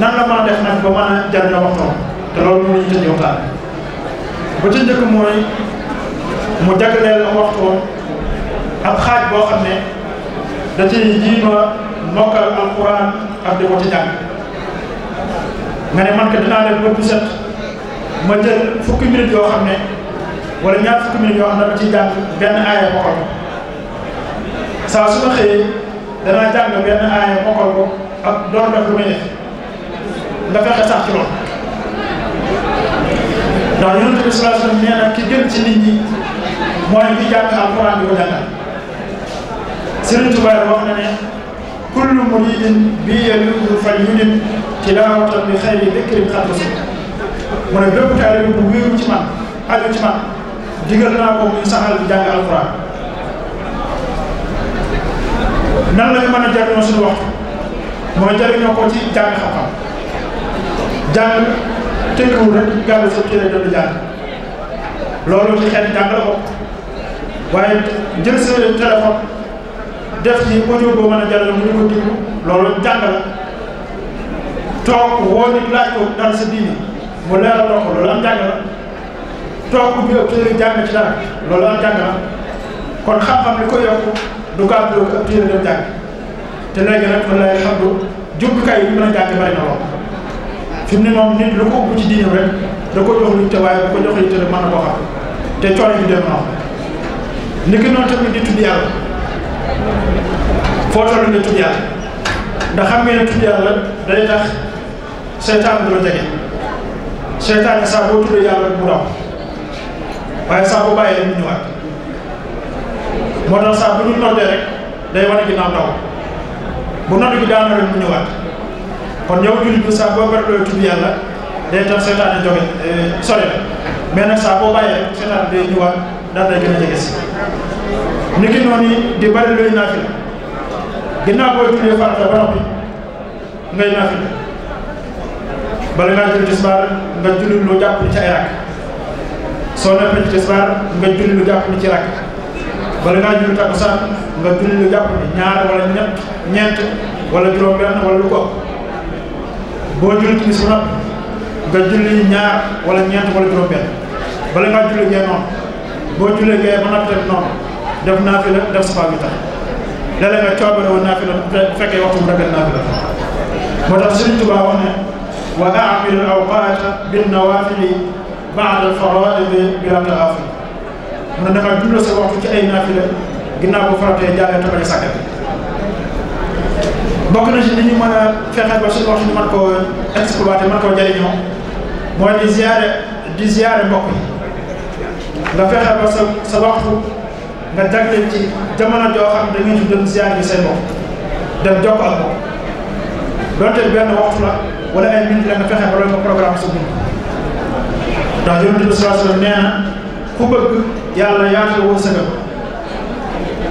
nan la mën a def nag ba mën a jëriñoo waxtoom te loolu moom la ñuy tëjee waxtaan mooy mu jagleel waxtoom ab xaaj boo xam ne da ciy jiima mokkal alquran ak di ko ci nga ne man ka dinaa def bët bu set ma jël fukki minutes yoo xam ne wala ñaar fukki minutes yoo xam ne dama ciy jàng benn aaya bokkal saa su ma xëyee danaa jàng benn aaya mokkal ko door def lu may def nga fexe sax ci loolu ndax yonent bi sallallahu alayhi wa sallam nee na ki gën ci nit ñi mooy ki jàng alquran bi ko jàngal Sëriñ Tuubaa wax na ne kullu muridin bi yaludu fal yudin tilaawatan bi xayri dikrin xaddasi mu ne bépp taalibe bu wéeru ci man aju ci man digal naa ko muy saxal di jàng alquran nan la ñu mën a jariñoo suñu waxtu mooy jariñoo ko ci jàng xam-xam jàng tekkiwul rek gàllu sa téere doon jàng loolu ci xeet jàng la bokk waaye jël sa téléphone def ci audio boo mën a jariñoo mu ñu ko déglu loolu jàng la toog woo nit laaj ko dal diini mu leeral la loolu am jàng la toog ubbi ab téere jàng ci dara loolu am jàng la kon xam-xam li ko yokk du ko am juróom ak téeméer dem te léegi nag man lay xam du jumtukaay yi ñu mën a jàng bari na lool moom nit lu ko ubbi ci rek da ko jox lutte waaye bu ko jox lutte rek mën na koo xam te coono bi dem noonu niki noonu tamit di tudd yàlla foo toll nga tudd yàlla ndax xam ngeen ne tudd day tax seytaan du la jege seytaan saa boo tuddee yàlla mu waaye saa boo bàyyee mu ñëwaat. moo tax saa bu ñu noddee rek day wane ginnaaw ndaw bu nodd gi daana mu ñëwaat kon yow jullit bi saa boo bari looy tudd yàlla day tax seetaane joge eh, sori la mais nag di bari looy naafila ginnaaw booy jullee farata ba noppi nga julli lu jàpp ni ci ay soo noppee ci tisbaar nga julli lu jàpp ni ci rakk bala ngaa julli takkusaan nga julli lu ñaar wala ñett ñeent wala juróom-benn wala lu boo julli timis ba noppi nga julli ñaar wala ñeent wala juróom-benn bala ngaa julli gee noonu boo jullee gee ba noppi tamit def naa la def sa faa bi tax léeg-léeg nga coobare woon naa fi bu fekkee waxtu mu rafet naa fi la moo tax Sëriñ Tuubaa wax ne wa aamil awqaata bin nawaafili ba'da al mën na defal dundal sa waxtu ci ay naafila ginnaaw bu faratee jaaree te bañ a sàggat bokk na ci li ñu mën a fexe ba suñu waxtu ñu mën koo exploité mën koo jëriñoo mooy di ziare di ziare mbokk yi nga fexe ba sa sa waxtu nga jagleel ci jamono joo xam da ngeen ci dem ziare bi say mbokk dem jokk ak mbokk benn waxtu la wala ay minute la nga fexe ba loolu nga programme sa dund ndax yonent bi sallallahu alayhi wa sallam nee na ku bëgg. yàlla yaatal wërsëgam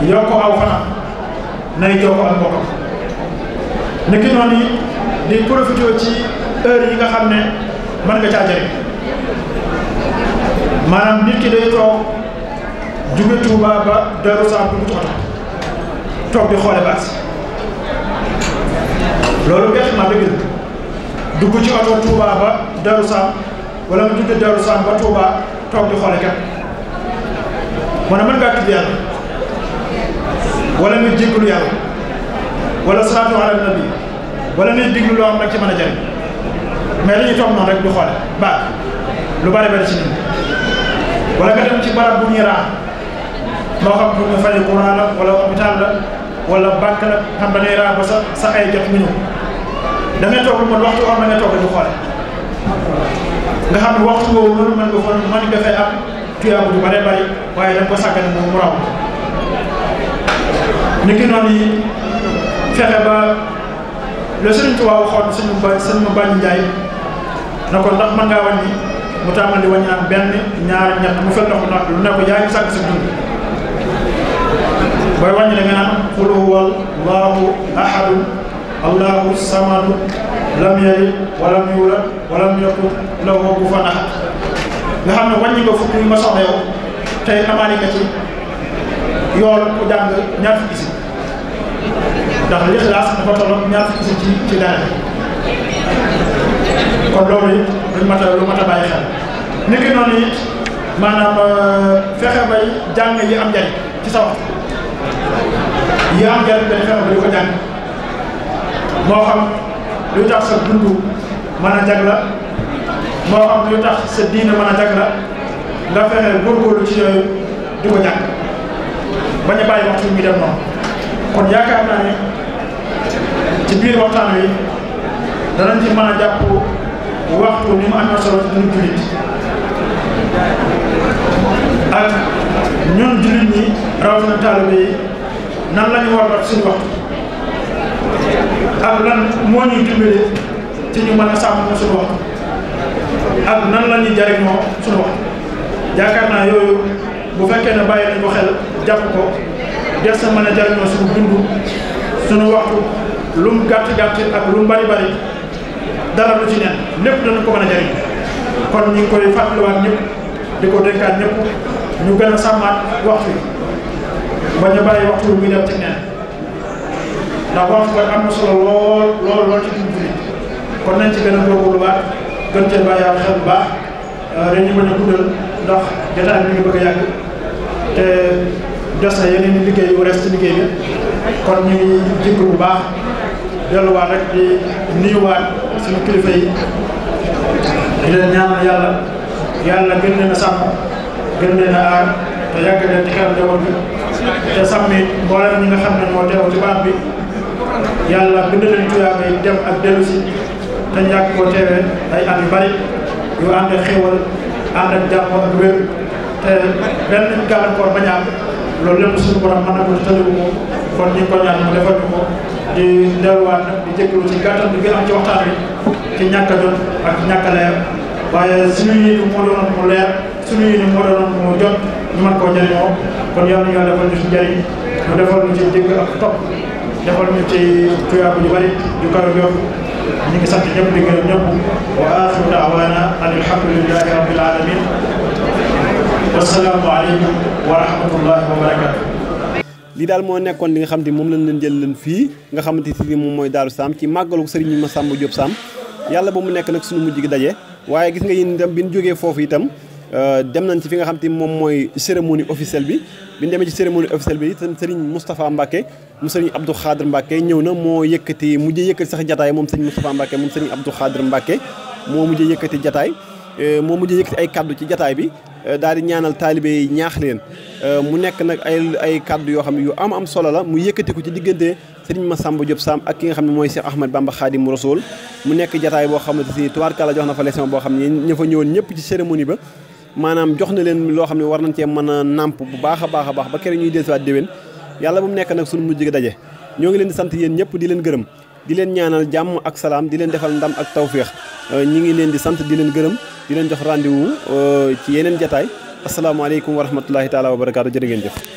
yokk aw fanam nay jokkoo ak bokkam niki di profité ci heure nga xam ne mën nga caa jëriñ maanaam nit ki day toog jóge Tuuba ba Daaru Salaam dugg ci oto toog di xoole baas loolu bett na dëgg dugg ci oto Tuuba ba Daaru Salaam nga jóge Daaru ba Tuuba toog di xoole kat moo ne mën ngaa tudd yàlla wala nga jéggalu yàlla wala salaatu ala nabi wala ngay diglu loo xam nag ci mën a jëriñ mais dañuy noonu rek du xoole baax lu bari bari ci ñun wala nga dem ci barab bu ñuy raam moo xam bu ñu fay courant la wala hôpital la wala banque la xam dañuy raam ba sa sa ay jot mu ñëw da waxtu woon da ngay toog du xoole nga xam waxtu woowu noonu mën nga fa mën nga fay am. tuyaaba ju bare bari waaye da nga ko mu raw ni fexe ba le Sëriñ Tuubaa waxoon suñu ba suñu Mbàññ Njaay na ko ndax mën ngaa wàññi mu tàmbali wàññi am benn ñaar ñett mu fekk na ko ndax lu ne ko yaa ngi sàgg sa dund booy wàññi allahu ahadu allahu samadu lam yalid walam yulad walam yakun lahu nga xam ne wàññi nga fukk ma soxla yow tey amaani nga ci yool ku jàng ñaar fukki si ci ci dara kon loolu it luñ mat xel niki noonu it maanaam euh, fexe jàng yi am njariñ ci sa yi am njariñ dañ fexe ba jàng moo xam luy tax sa dund mën a jag la moo xam luy tax sa diine mën a jag la nga fexe góorgóorlu ci yooyu di ko ñàkk bañ a bàyyi waxtu bi muy dem noonu kon yaakaar naa ne ci biir waxtaan wi danañ ci mën a jàpp waxtu ni mu amee solo ci ñun ak ñun jullit ñi rawatina taalibe yi nan la ñu war a suñu waxtu ak lan moo ñuy dimbale ci ñu mën a sàmm suñu waxtu. ak nan la ñuy jariñoo suñu wax yaakaar naa yooyu bu fekkee ne bàyyi nañ ko xel jàpp ko des sa mën a jariñoo suñu dund suñu waxtu lu mu gàtt ak lu mu bari bari dara ci neen lépp dana ko mën a jariñ kon ñu ngi koy fàttaliwaat ñëpp di ko dénkaat ñëpp ñu gën a sàmmaat waxtu bañ a bàyyi waxtu bi dem ci neen ndax waxtu ba am na solo lool lool lool ci dund kon nañ ci gën a góorgóorluwaat gën cee bàyyi xel bu baax dañuy euh, mën guddal ndax jotaay bi ñu bëgg a yàgg te des na yeneen liggéey yu ci liggéey bi kon ñu ngi jégg bu baax delluwaat rek di nuyuwaat suñu kilifa yi di leen ñaanal yàlla yàlla gën leen a sàmm gën leen a aar te yàgg leen ci kanam jamono bi te sàmm it mboolem ñi nga xam ne moo teew ci baat bi yàlla bind leen tuyaaba yi dem ak dellu si. dañ yàgg koo teewee ay at yu bari yu ànd ak xéewal ànd ak jàmm ak wér te benn gàllankoor ba ñaam loolu lépp suñu borom mën na ko tënku ko kon ñu ko ñaan mu defal ñu ko di delluwaat nag di jégalu ci gàttal bi gën am ci waxtaan bi ci ñàkk a jot ak ñàkk a leer waaye suñu yéene moo doonoon mu leer suñu yéene moo doonoon mu jot ñu mën koo jëriñoo kon yal na yàlla defal ñu ci njëriñ mu defal ñu ci dégg ak topp defal ñu ci tuyaaba yu bari ju kaw yokku. ñu ngi sant ñëpp di gërëm ñëpp wa axiru daawaana rabbil alamin wasalaamu aleykum wa rahmatullahi wa li daal moo nekkoon li nga xam di moom lañ leen jël leen fii nga xamante ni moom mooy Daaru Sam ci màggalu ma Masamba Jóob Sam yàlla ba mu nekk nag suñu mujj gi daje waaye gis nga yéen itam bi ñu jógee foofu itam Euh, dem nañ ci fi nga xam te moom mooy cérémonie officielle bi bi ñu demee ci cérémonie officielle bi itam sëriñ Moustapha Mbacke mu sëriñ Abdou Khadr Mbacke ñëw na moo yëkkati mujjee yëkkati sax jataay moom sëriñ Moustapha Mbacke moom sëriñ Abdou Khadr Mbacke moo mujjee yëkkati jataay euh, moo mujjee yëkkati ay kaddu ci jataay bi euh, daal di ñaanal taalibe yi ñaax leen mu nekk nag ay ay kaddu yoo xam ne yu am am solo la mu yëkkati ko ci diggante sëriñ Massamba Diop Sam ak ki nga xam ne mooy Cheikh Ahmed Bamba Khadim Rasoul mu nekk jataay boo xamante si tubaarkàlla jox na fa leçon boo xam ne ña fa ñëwoon ñëpp ci cérémonie ba maanaam jox na leen loo xam ne war nañ cee mën a nàmp bu baax a baax a baax ba kere ñuy dellusiwaat déwén yàlla bu mu nekk nag suñu mujj gi daje ñoo ngi leen di sant yéen ñëpp di leen gërëm di leen ñaanal jàmm ak salaam di leen defal ndam ak tawféex euh, ñi ngi leen di sant di leen gërëm di leen jox rendez-vous euh, ci yeneen jataay asalaamaaleykum wa rahmatullahi taala wa barakaatu jërë ngeen jox